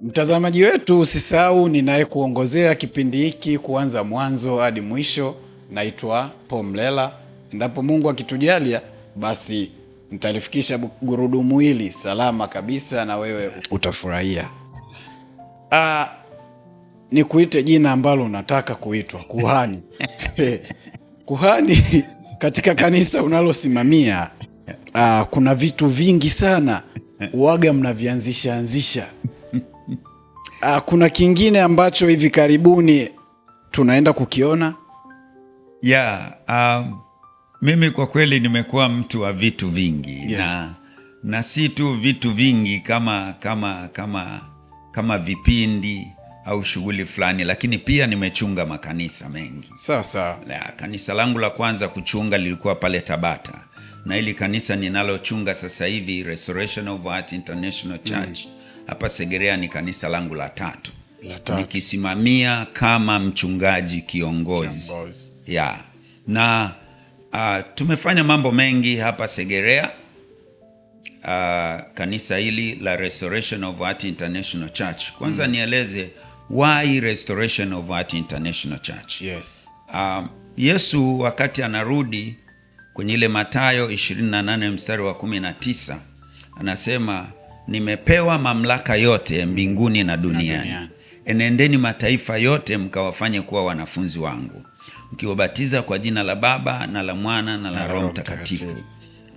Mtazamaji wetu, usisahau ninayekuongozea kipindi hiki kuanza mwanzo hadi mwisho, naitwa Pomlela. Endapo Mungu akitujalia, basi nitalifikisha gurudumu hili salama kabisa, na wewe utafurahia. Ah, kuite jina ambalo unataka kuitwa, kuhani kuhani katika kanisa unalosimamia, ah, kuna vitu vingi sana uwaga mnavianzisha anzisha Uh, kuna kingine ambacho hivi karibuni tunaenda kukiona ya yeah, um, mimi kwa kweli nimekuwa mtu wa vitu vingi yes. na, na si tu vitu vingi kama kama kama kama vipindi au shughuli fulani, lakini pia nimechunga makanisa mengi sawa sawa. La, kanisa langu la kwanza kuchunga lilikuwa pale Tabata, na hili kanisa ninalochunga sasa hivi Restoration of Art International Church mm hapa Segerea ni kanisa langu la tatu, la tatu. Nikisimamia kama mchungaji kiongozi, ya Na uh, tumefanya mambo mengi hapa Segerea uh, kanisa hili la Restoration of Heart International Church kwanza, mm. nieleze why Restoration of Heart International Church? Yes. Uh, Yesu wakati anarudi kwenye ile Mathayo 28 mstari wa 19 anasema nimepewa mamlaka yote mbinguni na duniani, na Enendeni mataifa yote mkawafanye kuwa wanafunzi wangu mkiwabatiza kwa jina la Baba na la Mwana na la Roho Mtakatifu,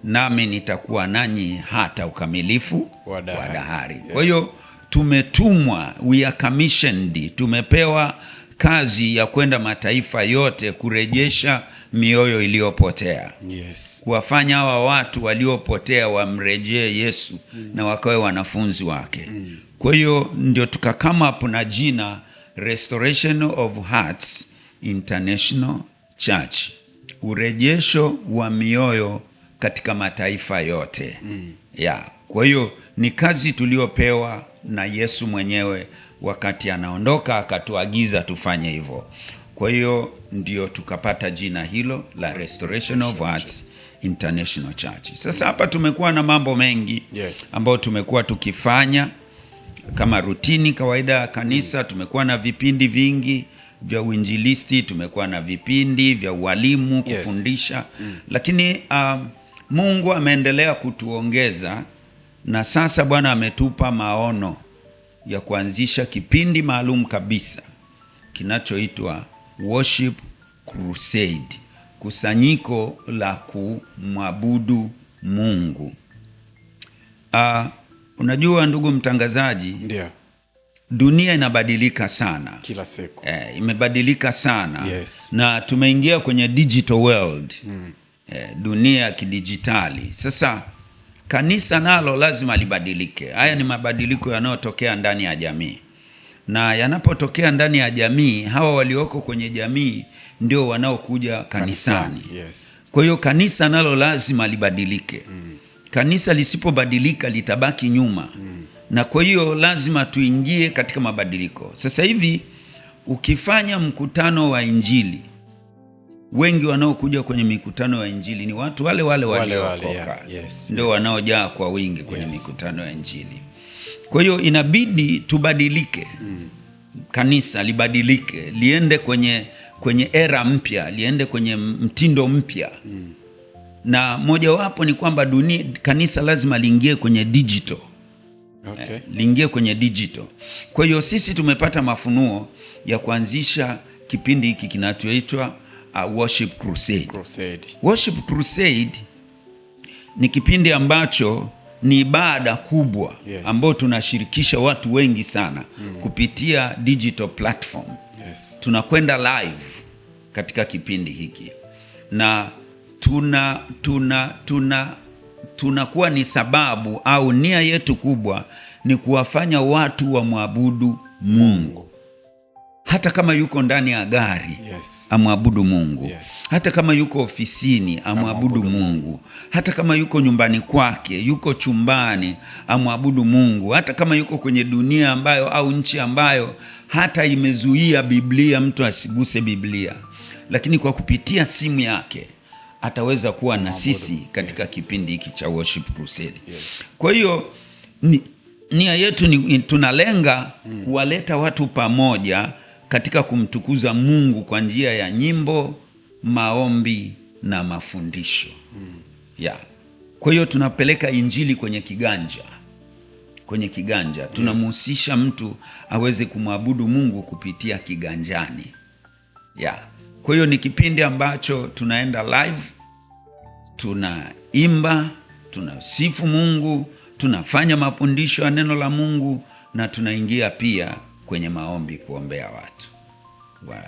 nami nitakuwa nanyi hata ukamilifu wa dahari. Yes. Kwa hiyo tumetumwa, we are commissioned, tumepewa kazi ya kwenda mataifa yote kurejesha mioyo iliyopotea yes. kuwafanya hawa watu waliopotea wamrejee Yesu mm. na wakawe wanafunzi wake mm. kwa hiyo ndio tukakama up na jina Restoration of Hearts International Church, urejesho wa mioyo katika mataifa yote mm. yeah. Kwa hiyo ni kazi tuliopewa na Yesu mwenyewe wakati anaondoka akatuagiza tufanye hivyo. Kwa hiyo ndio tukapata jina hilo la Restoration of Arts International Church. Sasa hapa tumekuwa na mambo mengi yes, ambayo tumekuwa tukifanya kama rutini kawaida ya kanisa. Tumekuwa na vipindi vingi vya uinjilisti, tumekuwa na vipindi vya ualimu kufundisha, yes. mm. Lakini um, Mungu ameendelea kutuongeza na sasa Bwana ametupa maono ya kuanzisha kipindi maalum kabisa kinachoitwa worship crusade, kusanyiko la kumwabudu Mungu. Uh, unajua ndugu mtangazaji, ndio dunia inabadilika sana kila siku eh, imebadilika sana yes. Na tumeingia kwenye digital world mm. Eh, dunia ya kidijitali sasa kanisa nalo lazima libadilike. Haya ni mabadiliko yanayotokea ndani ya jamii na yanapotokea ndani ya jamii, hawa walioko kwenye jamii ndio wanaokuja kanisani. Yes. Kwa hiyo kanisa nalo lazima libadilike. Mm. Kanisa lisipobadilika litabaki nyuma. Mm. Na kwa hiyo lazima tuingie katika mabadiliko. Sasa hivi ukifanya mkutano wa Injili, wengi wanaokuja kwenye mikutano ya Injili ni watu wale wale waliokoka, yeah. Yes, ndio yes. Wanaojaa kwa wingi kwenye yes. mikutano ya Injili. Kwa hiyo inabidi tubadilike mm. Kanisa libadilike liende kwenye, kwenye era mpya liende kwenye mtindo mpya mm. Na mojawapo ni kwamba dunia, kanisa lazima liingie kwenye digital okay. Eh, liingie kwenye digital. Kwa hiyo sisi tumepata mafunuo ya kuanzisha kipindi hiki kinachoitwa uh, Worship Crusade. Crusade. Worship Crusade ni kipindi ambacho ni ibada kubwa yes, ambayo tunashirikisha watu wengi sana mm, kupitia digital platform yes, tunakwenda live katika kipindi hiki na tuna tuna tuna tunakuwa ni sababu au nia yetu kubwa ni kuwafanya watu wamwabudu Mungu hata kama yuko ndani ya gari yes. amwabudu Mungu yes. hata kama yuko ofisini amwabudu Mungu. Mungu hata kama yuko nyumbani kwake, yuko chumbani amwabudu Mungu, hata kama yuko kwenye dunia ambayo au nchi ambayo hata imezuia Biblia, mtu asiguse Biblia, lakini kwa kupitia simu yake ataweza kuwa na sisi katika yes. kipindi hiki cha Worship Crusade yes. kwa hiyo nia yetu ni tunalenga mm. kuwaleta watu pamoja katika kumtukuza Mungu kwa njia ya nyimbo, maombi na mafundisho mm. yeah. Kwa hiyo tunapeleka injili kwenye kiganja, kwenye kiganja tunamhusisha yes. mtu aweze kumwabudu Mungu kupitia kiganjani yeah. Kwa hiyo ni kipindi ambacho tunaenda live, tunaimba, tunasifu Mungu, tunafanya mafundisho ya neno la Mungu na tunaingia pia kwenye maombi kuombea watu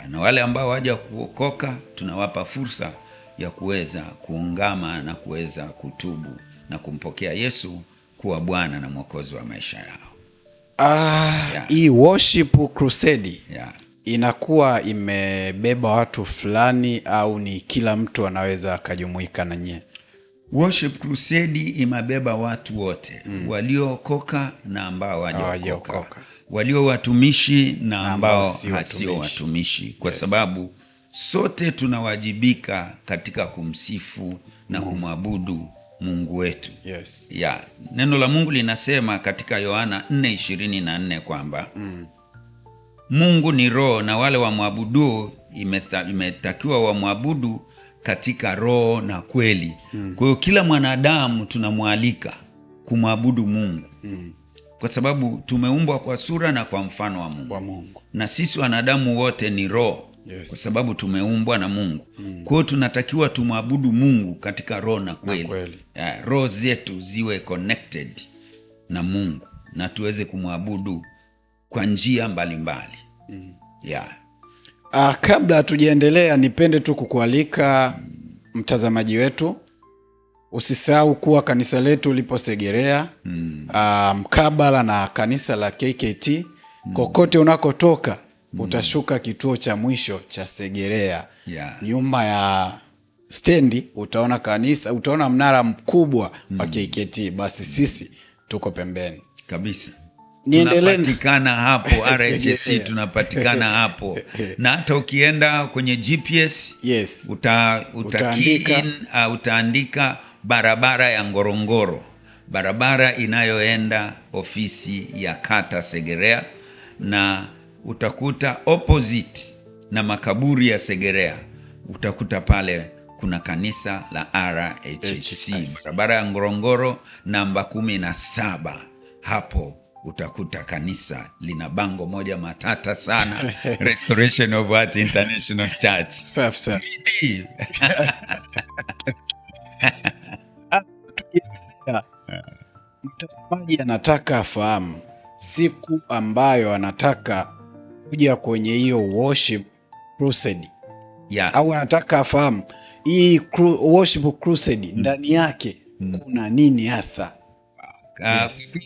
na wale ambao waja kuokoka tunawapa fursa ya kuweza kuungama na kuweza kutubu na kumpokea Yesu kuwa Bwana na Mwokozi wa maisha yao. Ah, yeah. Hii worship crusade yeah. Inakuwa imebeba watu fulani au ni kila mtu anaweza akajumuika na nyie? Worship crusade imebeba watu wote mm. Waliookoka na ambao hawajaokoka walio watumishi na ambao hasio watumishi, kwa yes. sababu sote tunawajibika katika kumsifu na mm. kumwabudu Mungu wetu yes. ya neno la Mungu linasema katika Yohana 4:24 kwamba mm. Mungu ni roho na wale wamwabuduo imetakiwa wamwabudu katika roho na kweli mm. Kwa hiyo kila mwanadamu tunamwalika kumwabudu Mungu mm kwa sababu tumeumbwa kwa sura na kwa mfano wa Mungu, wa Mungu. Na sisi wanadamu wote ni roho yes. Kwa sababu tumeumbwa na Mungu mm. Kwa tunatakiwa tumwabudu Mungu katika roho na kweli, kweli. Yeah, roho zetu ziwe connected na Mungu na tuweze kumwabudu kwa njia mbalimbali mm. yeah. kabla hatujaendelea nipende tu kukualika mtazamaji wetu Usisahau kuwa kanisa letu lipo hmm. ah, mkabala um, na kanisa la KKT mm. kokote unakotoka mm. utashuka kituo cha mwisho cha Segerea yeah. nyuma ya stendi utaona kanisa, utaona mnara mkubwa mm. wa hmm. KKT. Basi sisi tuko pembeni kabisa tunapatikana hapo RHC tunapatikana hapo na hata ukienda kwenye GPS yes. uta, uta utaandika. uh, utaandika barabara ya Ngorongoro, barabara inayoenda ofisi ya kata Segerea, na utakuta opposite na makaburi ya Segerea utakuta pale kuna kanisa la RHC barabara ya Ngorongoro namba 17 hapo utakuta kanisa lina bango moja matata sana Restoration of International Church mtazamaji anataka afahamu siku ambayo anataka kuja kwenye hiyo worship crusade yeah. au anataka afahamu hii worship crusade ndani yake mm. kuna nini hasa? Uh, yes.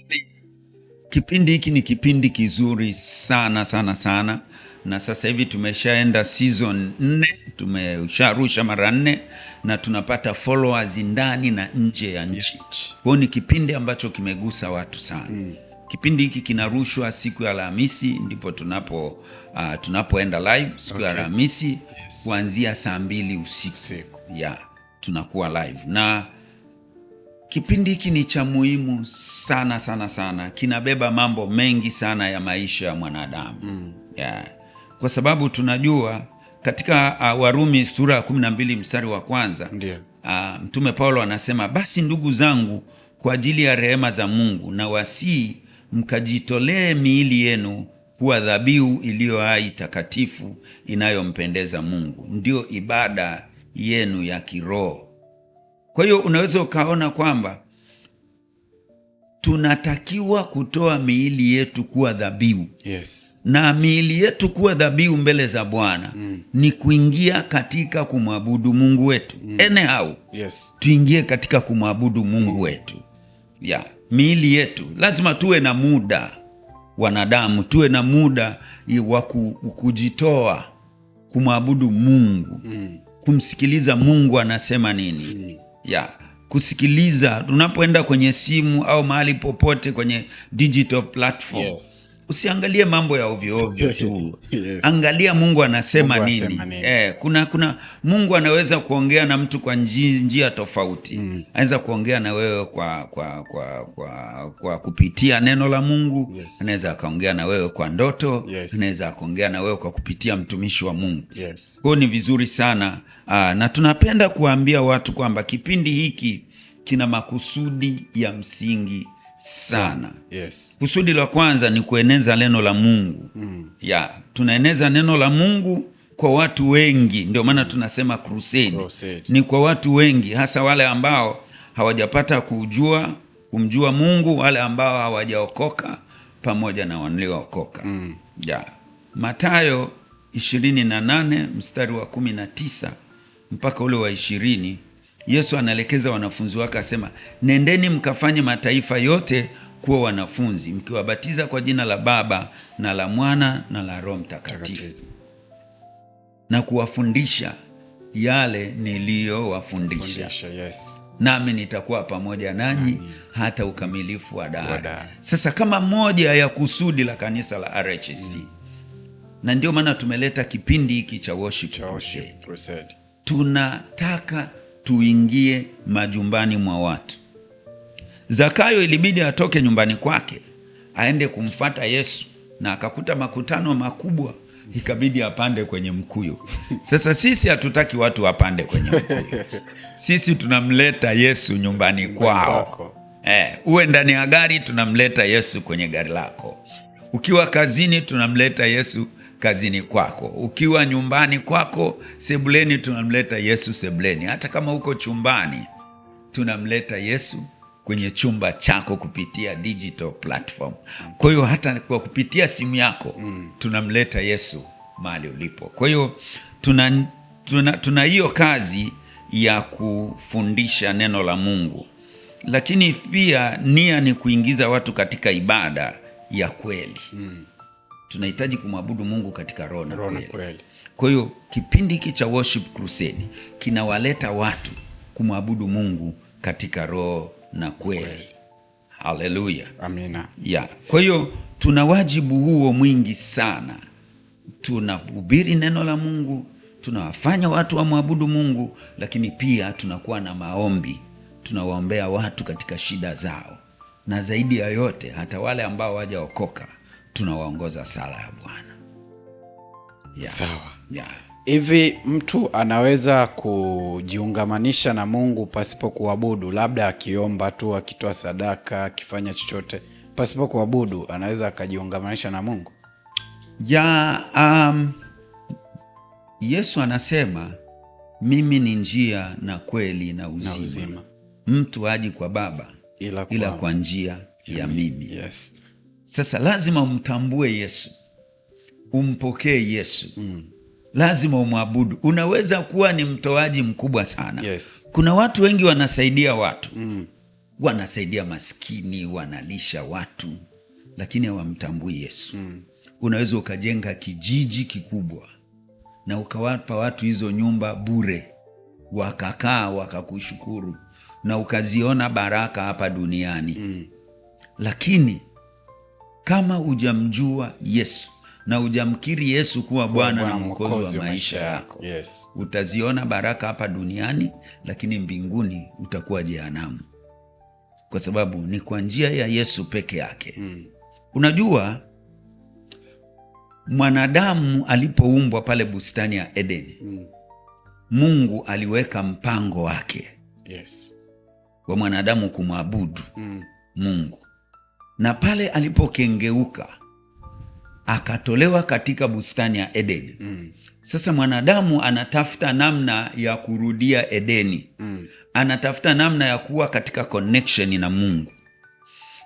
Kipindi hiki ni kipindi kizuri sana sana sana, na sasa hivi tumeshaenda season nne, tumesharusha mara nne na tunapata followers ndani na nje ya nchi. Kwa ni kipindi ambacho kimegusa watu sana mm. Kipindi hiki kinarushwa siku ya Alhamisi ndipo tunapo uh, tunapoenda live siku okay. ya Alhamisi yes. kuanzia saa mbili usiku, usiku. Yeah, tunakuwa live na Kipindi hiki ni cha muhimu sana sana sana, kinabeba mambo mengi sana ya maisha ya mwanadamu mm. yeah. Kwa sababu tunajua katika uh, Warumi sura ya 12 mstari wa kwanza uh, Mtume Paulo anasema, basi ndugu zangu, kwa ajili ya rehema za Mungu na wasii mkajitolee miili yenu kuwa dhabihu iliyo hai, takatifu, inayompendeza Mungu, ndio ibada yenu ya kiroho. Kwa hiyo unaweza ukaona kwamba tunatakiwa kutoa miili yetu kuwa dhabihu yes. Na miili yetu kuwa dhabihu mbele za Bwana mm. ni kuingia katika kumwabudu Mungu wetu mm. anyhow yes. Tuingie katika kumwabudu Mungu mm. wetu yeah. Miili yetu lazima tuwe na muda, wanadamu tuwe na muda wa kujitoa kumwabudu Mungu mm. kumsikiliza Mungu anasema nini mm ya kusikiliza tunapoenda kwenye simu au mahali popote kwenye digital platform yes usiangalie mambo ya ovyoovyo tu yes. Angalia Mungu anasema Mungu nini, nini. Eh, kuna kuna Mungu anaweza kuongea na mtu kwa njia tofauti mm. Anaweza kuongea na wewe kwa kwa kwa kwa, kwa kupitia neno la Mungu yes. Anaweza akaongea na wewe kwa ndoto yes. Anaweza akaongea na wewe kwa kupitia mtumishi wa Mungu yes. Kwa ni vizuri sana aa, ah, na tunapenda kuwaambia watu kwamba kipindi hiki kina makusudi ya msingi sana yes. Kusudi la kwanza ni kueneza neno la Mungu mm. ya tunaeneza neno la Mungu kwa watu wengi, ndio maana mm. tunasema crusade. crusade ni kwa watu wengi, hasa wale ambao hawajapata kujua kumjua Mungu, wale ambao hawajaokoka pamoja na waliookoka mm. ya matayo 28 mstari wa 19 mpaka ule wa ishirini Yesu anaelekeza wanafunzi wake asema, nendeni mkafanye mataifa yote kuwa wanafunzi mkiwabatiza kwa jina la Baba na la Mwana na la Roho Mtakatifu na kuwafundisha yale niliyowafundisha, yes. Nami nitakuwa pamoja nanyi hata ukamilifu wa dahari. Sasa kama moja ya kusudi la kanisa la RHC mm. na ndio maana tumeleta kipindi hiki cha worship crusade. Tunataka tuingie majumbani mwa watu. Zakayo ilibidi atoke nyumbani kwake aende kumfata Yesu na akakuta makutano makubwa, ikabidi apande kwenye mkuyu. Sasa sisi hatutaki watu wapande kwenye mkuyu, sisi tunamleta Yesu nyumbani kwao. Eh, uwe ndani ya gari, tunamleta Yesu kwenye gari lako. Ukiwa kazini, tunamleta Yesu kazini kwako, ukiwa nyumbani kwako, sebuleni, tunamleta Yesu sebuleni. Hata kama uko chumbani, tunamleta Yesu kwenye chumba chako kupitia digital platform. Kwa hiyo hata kwa kupitia simu yako mm. tunamleta Yesu mahali ulipo. Kwa hiyo tuna hiyo tuna, hiyo kazi ya kufundisha neno la Mungu, lakini pia nia ni kuingiza watu katika ibada ya kweli mm tunahitaji kumwabudu Mungu katika roho na kweli. Kwa hiyo kipindi hiki cha Worship Crusade kinawaleta watu kumwabudu Mungu katika roho na kweli. Haleluya, amina. ya Kwa hiyo tuna wajibu huo mwingi sana, tunahubiri neno la Mungu, tunawafanya watu wamwabudu Mungu, lakini pia tunakuwa na maombi, tunawaombea watu katika shida zao, na zaidi ya yote hata wale ambao wajaokoka tunawaongoza sala ya Bwana. Yeah. Sawa. Yeah. Hivi mtu anaweza kujiungamanisha na Mungu pasipo kuabudu, labda akiomba tu, akitoa sadaka, akifanya chochote pasipo kuabudu, anaweza akajiungamanisha na Mungu? Yeah, um, Yesu anasema mimi ni njia na kweli na uzima, na uzima. Mtu aji kwa Baba ila kwa, ila kwa njia ya mimi. Yes. Sasa lazima umtambue Yesu, umpokee Yesu mm. Lazima umwabudu. Unaweza kuwa ni mtoaji mkubwa sana yes. Kuna watu wengi wanasaidia watu mm. wanasaidia maskini, wanalisha watu, lakini hawamtambui Yesu mm. Unaweza ukajenga kijiji kikubwa na ukawapa watu hizo nyumba bure, wakakaa wakakushukuru, na ukaziona baraka hapa duniani mm. lakini kama hujamjua Yesu na hujamkiri Yesu kuwa Bwana na Mwokozi wa maisha yako, yes. Utaziona baraka hapa duniani, lakini mbinguni utakuwa jehanamu, kwa sababu ni kwa njia ya Yesu peke yake mm. Unajua, mwanadamu alipoumbwa pale bustani ya Edeni mm. Mungu aliweka mpango wake yes. wa mwanadamu kumwabudu mm. Mungu na pale alipokengeuka akatolewa katika bustani ya Edeni. mm. Sasa mwanadamu anatafuta namna ya kurudia Edeni. mm. Anatafuta namna ya kuwa katika connection na Mungu,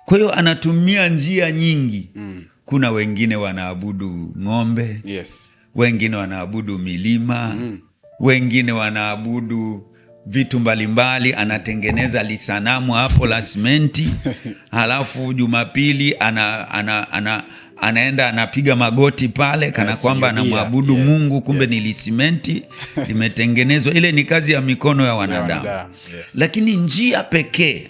kwa hiyo anatumia njia nyingi. mm. Kuna wengine wanaabudu ng'ombe. yes. Wengine wanaabudu milima. mm. Wengine wanaabudu vitu mbalimbali, anatengeneza lisanamu hapo la simenti, halafu Jumapili ana, ana, ana, anaenda anapiga magoti pale kana yes, kwamba anamwabudu yes, Mungu, kumbe yes. ni lisimenti limetengenezwa. Ile ni kazi ya mikono ya wanadamu yes. Lakini njia pekee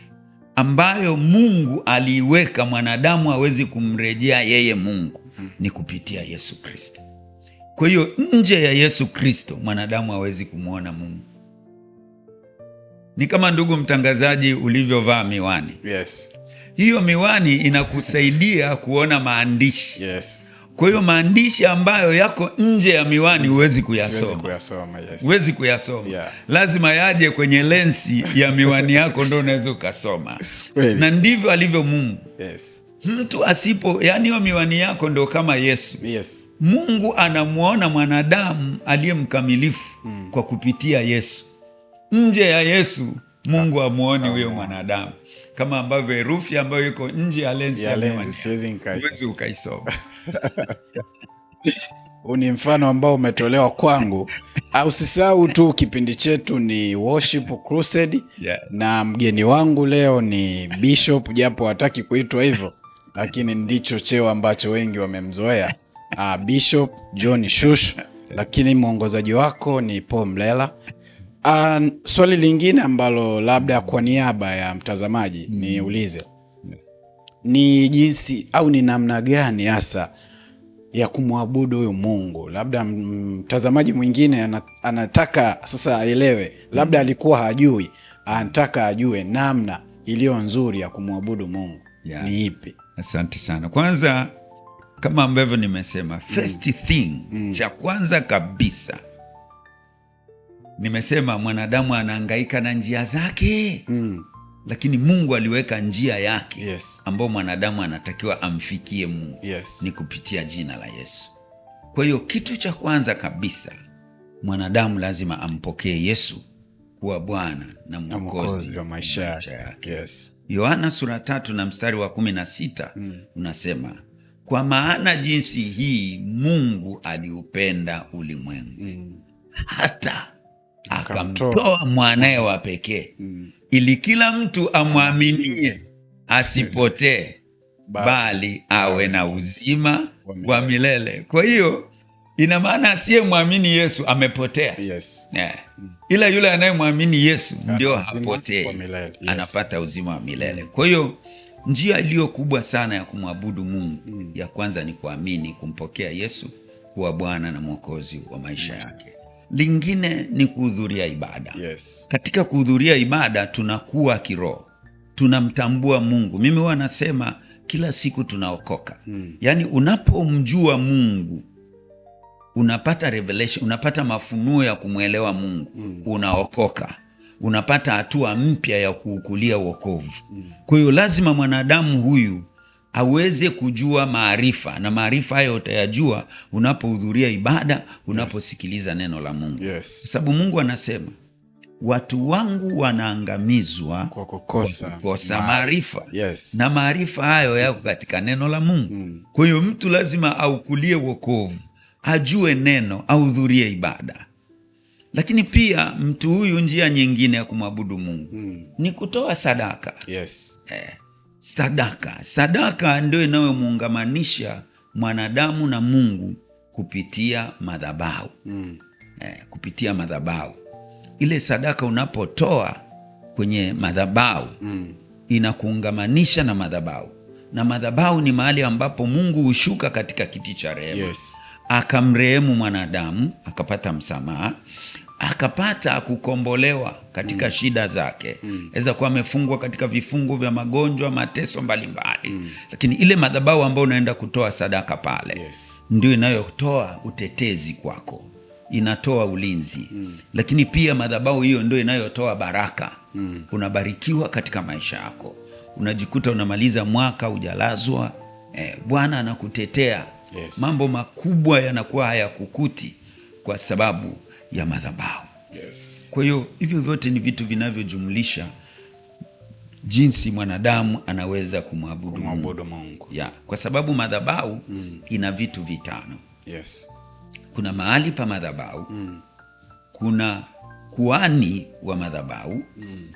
ambayo Mungu aliiweka mwanadamu awezi kumrejea yeye Mungu hmm. ni kupitia Yesu Kristo. Kwa hiyo nje ya Yesu Kristo mwanadamu awezi kumwona Mungu ni kama ndugu mtangazaji ulivyovaa miwani yes. Hiyo miwani inakusaidia kuona maandishi yes. Kwa hiyo maandishi ambayo yako nje ya miwani huwezi kuyasoma, huwezi kuyasoma yes. yeah. Lazima yaje kwenye lensi ya miwani yako ndo unaweza ukasoma Na ndivyo alivyo Mungu yes. Mtu asipo yani, hiyo miwani yako ndo kama Yesu yes. Mungu anamwona mwanadamu aliye mkamilifu mm. kwa kupitia Yesu nje ya Yesu ah. Mungu amwoni huyo ah. mwanadamu, kama ambavyo herufi ambayo iko nje ya lensi ya huwezi ukaisoma. Huu ni mfano ambao umetolewa kwangu. Ah, usisahau tu kipindi chetu ni Worship Crusade, yes. Na mgeni wangu leo ni Bishop, japo hataki kuitwa hivyo, lakini ndicho cheo ambacho wengi wamemzoea Bishop John Shush, lakini mwongozaji wako ni Paul Mlela. Uh, swali lingine ambalo labda kwa niaba ya mtazamaji mm. niulize ni jinsi au ni namna gani hasa ya kumwabudu huyu Mungu. Labda mtazamaji mwingine anataka sasa aelewe, labda mm. alikuwa hajui, anataka ajue namna iliyo nzuri ya kumwabudu Mungu yeah. ni ipi? Asante sana. Kwanza kama ambavyo nimesema, mm. first thing mm. cha kwanza kabisa nimesema mwanadamu anaangaika na njia zake mm. Lakini Mungu aliweka njia yake yes. ambayo mwanadamu anatakiwa amfikie Mungu yes. ni kupitia jina la Yesu. Kwa hiyo kitu cha kwanza kabisa mwanadamu lazima ampokee Yesu kuwa Bwana na Mwokozi wa maisha yake yes. sura tatu na mstari wa kumi na sita mm. unasema kwa maana jinsi hii Mungu aliupenda ulimwengu mm. hata akamtoa mwanaye wa pekee mm. ili kila mtu amwaminie asipotee bali awe na uzima wa milele. Kwa hiyo ina maana asiyemwamini Yesu amepotea, yes. yeah. Mm. ila yule anayemwamini Yesu ndio hapotee, yes. anapata uzima wa milele. Mm. Kwa hiyo njia iliyo kubwa sana ya kumwabudu Mungu mm. ya kwanza ni kuamini, kumpokea Yesu kuwa Bwana na Mwokozi wa maisha yake. Lingine ni kuhudhuria ibada. Yes. Katika kuhudhuria ibada tunakuwa kiroho, tunamtambua Mungu. Mimi huwa nasema kila siku tunaokoka. Hmm. Yaani unapomjua Mungu unapata revelation, unapata mafunuo ya kumwelewa Mungu. Hmm. Unaokoka, unapata hatua mpya ya kuukulia uokovu Hmm. Kwa hiyo lazima mwanadamu huyu aweze kujua maarifa, na maarifa hayo utayajua unapohudhuria ibada, unaposikiliza yes. neno la Mungu yes. kwa sababu Mungu anasema watu wangu wanaangamizwa kwa kukosa maarifa yes. na maarifa hayo yako katika neno la Mungu mm. kwa hiyo mtu lazima aukulie wokovu, ajue neno, ahudhurie ibada. Lakini pia mtu huyu, njia nyingine ya kumwabudu Mungu mm. ni kutoa sadaka yes. eh sadaka. Sadaka ndio inayomuungamanisha mwanadamu na Mungu kupitia madhabahu mm. Eh, kupitia madhabahu ile sadaka unapotoa kwenye madhabahu mm. inakuungamanisha na madhabahu, na madhabahu ni mahali ambapo Mungu hushuka katika kiti cha rehema yes. Akamrehemu mwanadamu akapata msamaha akapata kukombolewa katika mm. shida zake mm. kuwa amefungwa katika vifungo vya magonjwa, mateso mbalimbali mm. lakini ile madhabau ambayo unaenda kutoa sadaka pale yes. ndio inayotoa utetezi kwako, inatoa ulinzi mm. lakini pia madhabau hiyo ndio inayotoa baraka mm. unabarikiwa katika maisha yako, unajikuta unamaliza mwaka ujalazwa eh, Bwana anakutetea yes. mambo makubwa yanakuwa hayakukuti kwa sababu ya madhabahu yes. Kwa hiyo hivyo vyote ni vitu vinavyojumlisha jinsi mwanadamu anaweza kumwabudu Mungu. Mungu ya, kwa sababu madhabahu mm. ina vitu vitano yes. Kuna mahali pa madhabahu mm. kuna kuani wa madhabahu mm.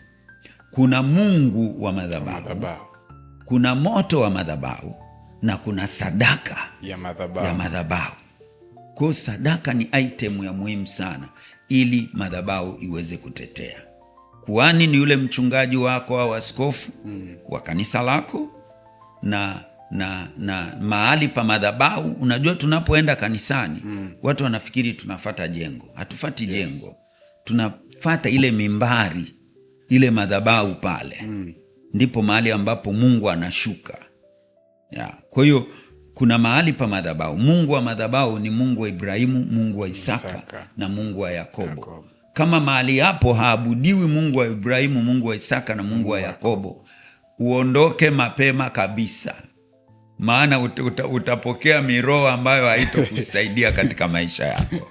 kuna Mungu wa madhabahu, kuna moto wa madhabahu na kuna sadaka ya madhabahu kwa sadaka ni item ya muhimu sana ili madhabahu iweze kutetea. Kuhani ni yule mchungaji wako au askofu mm. wa kanisa lako na na na mahali pa madhabahu. Unajua, tunapoenda kanisani mm. watu wanafikiri tunafata jengo, hatufati yes. jengo, tunafata ile mimbari, ile madhabahu pale mm. ndipo mahali ambapo Mungu anashuka ya. Kwa hiyo kuna mahali pa madhabahu. Mungu wa madhabahu ni Mungu wa Ibrahimu, Mungu wa Isaka, Isaka na Mungu wa Yakobo, Yakobo. Kama mahali hapo haabudiwi Mungu wa Ibrahimu, Mungu wa Isaka na Mungu, wa Yakobo, uondoke mapema kabisa, maana utapokea miroho ambayo haitokusaidia katika maisha yako.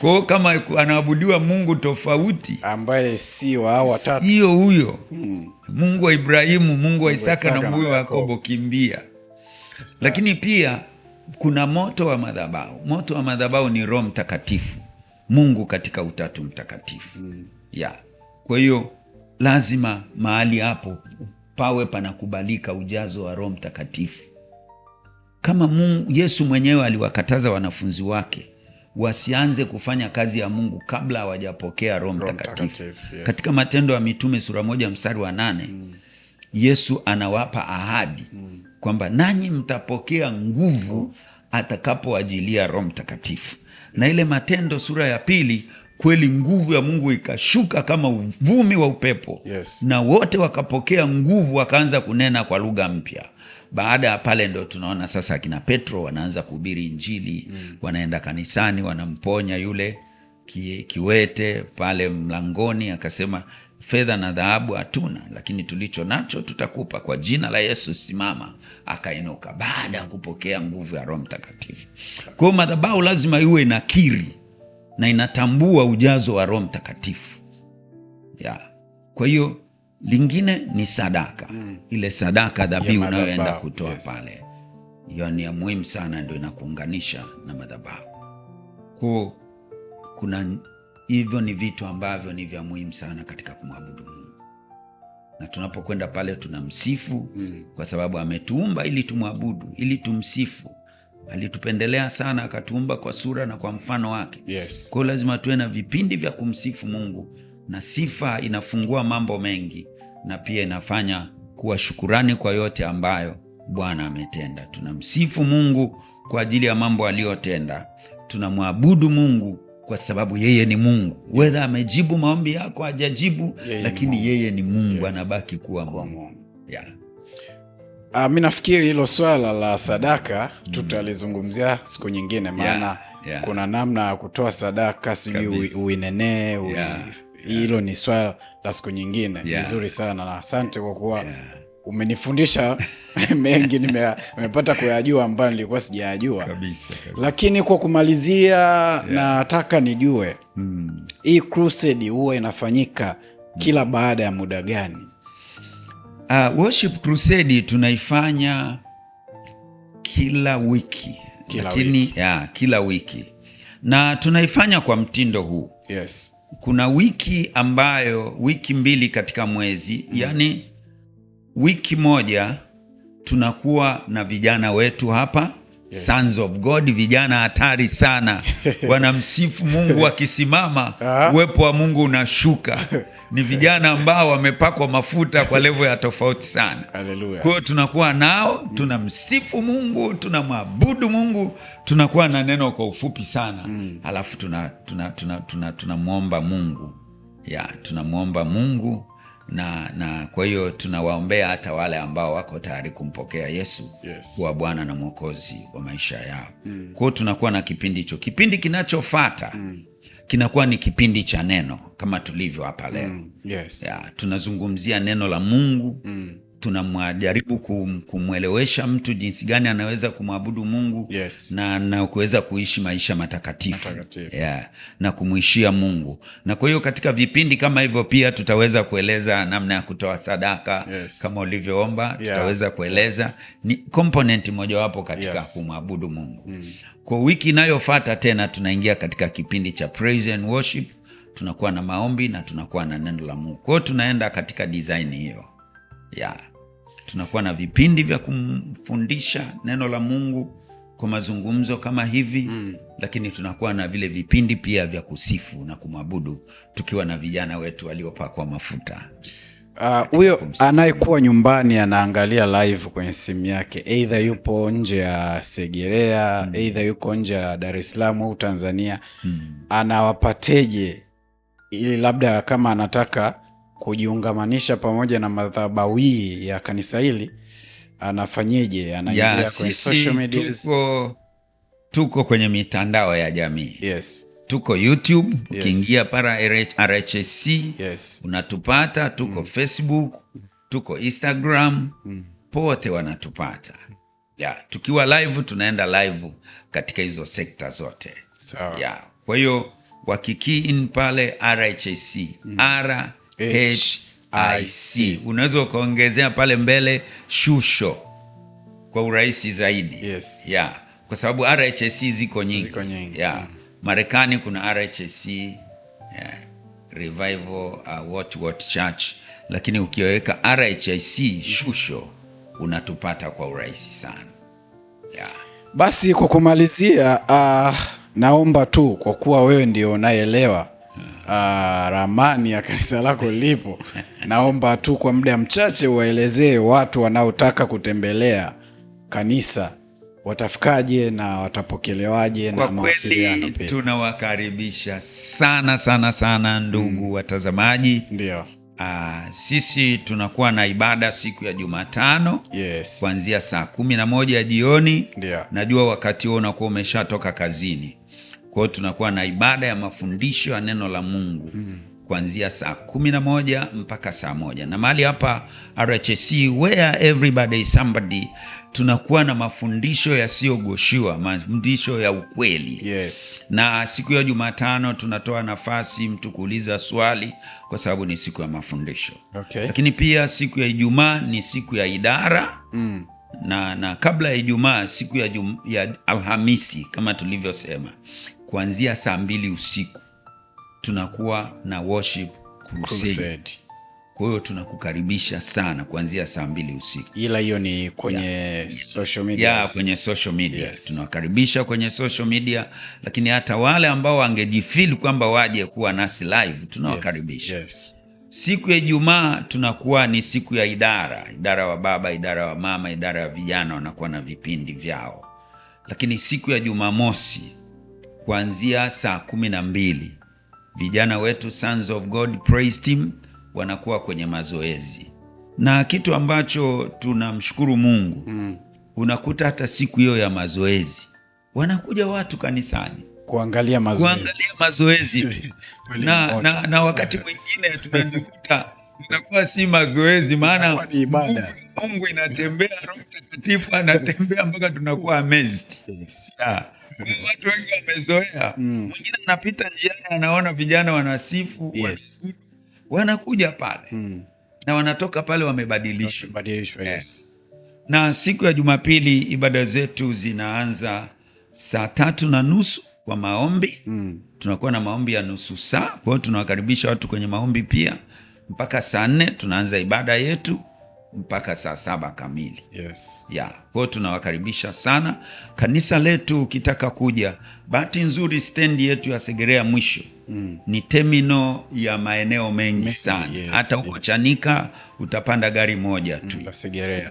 Kwa hiyo kama anaabudiwa Mungu tofauti ambaye sio hao watatu, sio huyo Mungu wa Ibrahimu, Mungu wa Isaka, Mungu wa Isaka na Mungu wa Yakobo, kimbia. Lakini pia kuna moto wa madhabahu. Moto wa madhabahu ni Roho Mtakatifu, Mungu katika utatu mtakatifu mm. ya yeah. Kwa hiyo lazima mahali hapo pawe panakubalika ujazo wa Roho Mtakatifu kama Mungu. Yesu mwenyewe aliwakataza wanafunzi wake wasianze kufanya kazi ya Mungu kabla hawajapokea Roho Mtakatifu yes. Katika Matendo ya Mitume sura moja mstari wa nane mm. Yesu anawapa ahadi mm kwamba nanyi mtapokea nguvu atakapoajilia Roho Mtakatifu. Na ile Matendo sura ya pili kweli nguvu ya Mungu ikashuka kama uvumi wa upepo yes. Na wote wakapokea nguvu, wakaanza kunena kwa lugha mpya. Baada ya pale ndo tunaona sasa akina Petro wanaanza kuhubiri Injili mm. Wanaenda kanisani, wanamponya yule kiwete pale mlangoni, akasema fedha na dhahabu hatuna, lakini tulicho nacho tutakupa. Kwa jina la Yesu simama. Akainuka baada ya kupokea nguvu ya Roho Mtakatifu. kwao madhabau lazima iwe inakiri na inatambua ujazo wa Roho Mtakatifu ya. Kwa hiyo lingine ni sadaka mm. ile sadaka dhabihu unayoenda kutoa yes. pale hiyo ni ya muhimu sana, ndio inakuunganisha na madhabahu kuna hivyo ni vitu ambavyo ni vya muhimu sana katika kumwabudu Mungu, na tunapokwenda pale tunamsifu mm. kwa sababu ametuumba ili tumwabudu, ili tumsifu. Alitupendelea sana, akatuumba kwa sura na kwa mfano wake yes. kwao lazima tuwe na vipindi vya kumsifu Mungu, na sifa inafungua mambo mengi na pia inafanya kuwa shukurani kwa yote ambayo Bwana ametenda. Tunamsifu Mungu kwa ajili ya mambo aliyotenda, tunamwabudu Mungu kwa sababu yeye ni Mungu yes. Wedha amejibu maombi yako hajajibu, yeye lakini ni yeye ni Mungu yes. Anabaki kuwa Mungu, Mungu. Yeah. Uh, mi nafikiri hilo swala la sadaka mm. tutalizungumzia siku nyingine maana yeah. yeah. kuna namna ya kutoa sadaka sijui uinenee hilo yeah. hilo ni swala la siku nyingine vizuri yeah. sana na asante kwa kuwa yeah umenifundisha mengi nimepata kuyajua ambayo nilikuwa sijayajua Lakini kwa kumalizia yeah. nataka nijue mm. hii crusade huwa inafanyika mm. kila hmm. baada ya muda gani? Uh, worship crusade tunaifanya kila wiki kila lakini wiki. Ya, kila wiki na tunaifanya kwa mtindo huu yes. Kuna wiki ambayo wiki mbili katika mwezi mm. yani wiki moja tunakuwa na vijana wetu hapa Yes. Sons of God, vijana hatari sana wanamsifu Mungu wakisimama, ah. uwepo wa Mungu unashuka. Ni vijana ambao wamepakwa mafuta kwa levo ya tofauti sana. Kwa hiyo tunakuwa nao, tunamsifu Mungu, tunamwabudu Mungu, tunakuwa na neno kwa ufupi sana mm. Alafu tunamwomba tuna, tuna, tuna, tuna Mungu ya tunamwomba Mungu na, na kwa hiyo tunawaombea hata wale ambao wako tayari kumpokea Yesu yes, kuwa Bwana na Mwokozi wa maisha yao mm. kwao tunakuwa na kipindi hicho, kipindi kinachofata mm kinakuwa ni kipindi cha neno kama tulivyo hapa leo mm, yes. tunazungumzia neno la Mungu mm tunamjaribu kumwelewesha mtu jinsi gani anaweza kumwabudu Mungu yes. na, na kuweza kuishi maisha matakatifu, matakatifu. Yeah. na kumwishia Mungu, na kwa hiyo katika vipindi kama hivyo pia tutaweza kueleza namna ya kutoa sadaka yes. kama ulivyoomba yeah. tutaweza kueleza ni komponenti mojawapo katika yes. kumwabudu Mungu mm. Kwa wiki inayofata tena tunaingia katika kipindi cha praise and worship, tunakuwa na maombi na tunakuwa na neno la Mungu. kwao tunaenda katika design hiyo yeah tunakuwa na vipindi vya kumfundisha neno la Mungu kwa mazungumzo kama hivi mm. Lakini tunakuwa na vile vipindi pia vya kusifu na kumwabudu tukiwa na vijana wetu waliopakwa mafuta. Ah, huyo uh, anayekuwa nyumbani anaangalia live kwenye simu yake, eidha yupo nje ya Segerea, eidha mm. yuko nje ya Dar es Salaam au Tanzania mm. anawapateje ili labda kama anataka kujiungamanisha pamoja na madhabawii ya kanisa hili anafanyeje? Anaingia kwenye social media? Tuko, tuko kwenye mitandao ya jamii yes. Tuko YouTube ukiingia yes. para RHC yes. unatupata. Tuko mm. Facebook, tuko Instagram mm. pote wanatupata ya, Tukiwa live tunaenda live katika hizo sekta zote so. yeah. Kwa hiyo wakikii pale RHC mm hic unaweza ukaongezea pale mbele shusho kwa urahisi zaidi yes. yeah. kwa sababu rhic ziko nyingi, ziko nyingi. Yeah. Mm. marekani kuna rhc yeah. revival uh, what, what church lakini ukiweka rhic shusho unatupata kwa urahisi sana yeah. basi kwa kumalizia uh, naomba tu kwa kuwa wewe ndio unaelewa uh, ramani ya kanisa lako lipo, naomba tu kwa muda mchache waelezee watu wanaotaka kutembelea kanisa watafikaje na watapokelewaje na mawasiliano pia. Tunawakaribisha sana sana sana ndugu mm. watazamaji. Ndio. Uh, sisi tunakuwa na ibada siku ya Jumatano yes. kuanzia saa kumi na moja jioni. Ndio. Najua wakati huo unakuwa umeshatoka kazini kwa hiyo tunakuwa na ibada ya mafundisho ya neno la Mungu mm. kuanzia saa kumi na moja mpaka saa moja na mahali hapa RHC where everybody somebody tunakuwa na mafundisho yasiyogoshiwa, mafundisho ya ukweli yes. Na siku ya Jumatano tunatoa nafasi mtu kuuliza swali kwa sababu ni siku ya mafundisho okay. Lakini pia siku ya Ijumaa ni siku ya idara mm. na, na kabla ya Ijumaa siku ya, jum, ya Alhamisi kama tulivyosema kuanzia saa mbili usiku tunakuwa na worship crusade. Kwa hiyo tunakukaribisha sana kuanzia saa mbili usiku, ila hiyo ni kwenye social media yeah, kwenye social media yes. Tunawakaribisha kwenye social media, lakini hata wale ambao wangejifili kwamba waje kuwa nasi live tunawakaribisha yes. yes. Siku ya Ijumaa tunakuwa ni siku ya idara, idara wa baba, idara wa mama, idara ya vijana wanakuwa na vipindi vyao, lakini siku ya Jumamosi kuanzia saa kumi na mbili vijana wetu Sons of God Praise Team wanakuwa kwenye mazoezi, na kitu ambacho tunamshukuru Mungu mm. Unakuta hata siku hiyo ya mazoezi wanakuja watu kanisani kuangalia mazoezi, kuangalia mazoezi. na, na, na wakati mwingine tunajikuta inakuwa si mazoezi, maana Mungu inatembea, Roho Mtakatifu anatembea mpaka tunakuwa amazed yes. yeah watu wengi wamezoea. Mm. Mwingine anapita njiani anaona vijana wanasifu, yes. wanakuja pale mm. na wanatoka pale wamebadilishwa, yes. yes. na siku ya Jumapili ibada zetu zinaanza saa tatu na nusu kwa maombi mm. tunakuwa na maombi ya nusu saa, kwa hiyo tunawakaribisha watu kwenye maombi pia mpaka saa nne tunaanza ibada yetu mpaka saa saba kamili yes. ya Kwao tunawakaribisha sana kanisa letu. Ukitaka kuja, bahati nzuri stendi yetu ya Segerea mwisho mm. ni temino ya maeneo mengi sana yes, hata ukochanika Chanika yes. utapanda gari moja tu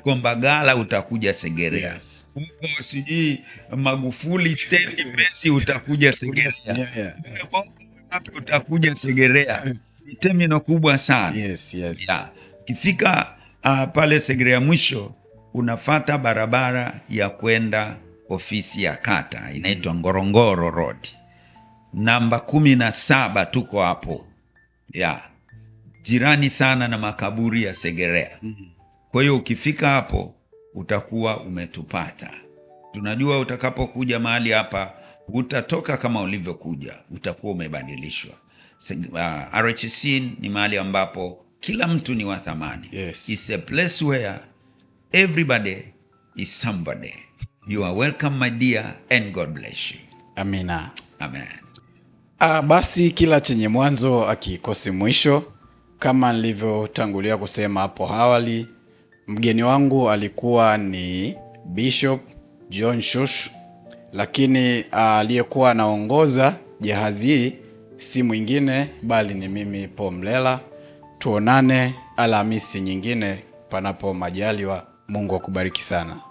mm, Mbagala utakuja Segerea yes. uko sijui Magufuli stendi mesi utakuja Segerea utakuja Segerea eh. ni temino kubwa sana yes, yes. kifika ah, pale Segre ya mwisho unafata barabara ya kwenda ofisi ya kata inaitwa Ngorongoro Road namba kumi na saba, tuko hapo ya jirani sana na makaburi ya Segerea. Kwa hiyo ukifika hapo utakuwa umetupata. Tunajua utakapokuja mahali hapa utatoka kama ulivyokuja, utakuwa umebadilishwa. Ah, RHC ni mahali ambapo kila mtu ni wa thamani. Yes. It's a place where everybody is somebody. You are welcome my dear and God bless you. Amina. Amen. Ah, basi kila chenye mwanzo akikosi mwisho. Kama nilivyotangulia kusema hapo awali, mgeni wangu alikuwa ni Bishop John Shush, lakini ah, aliyekuwa anaongoza jahazi hii si mwingine bali ni mimi pomlela Mlela tuonane Alhamisi nyingine, panapo majaliwa. Mungu akubariki sana.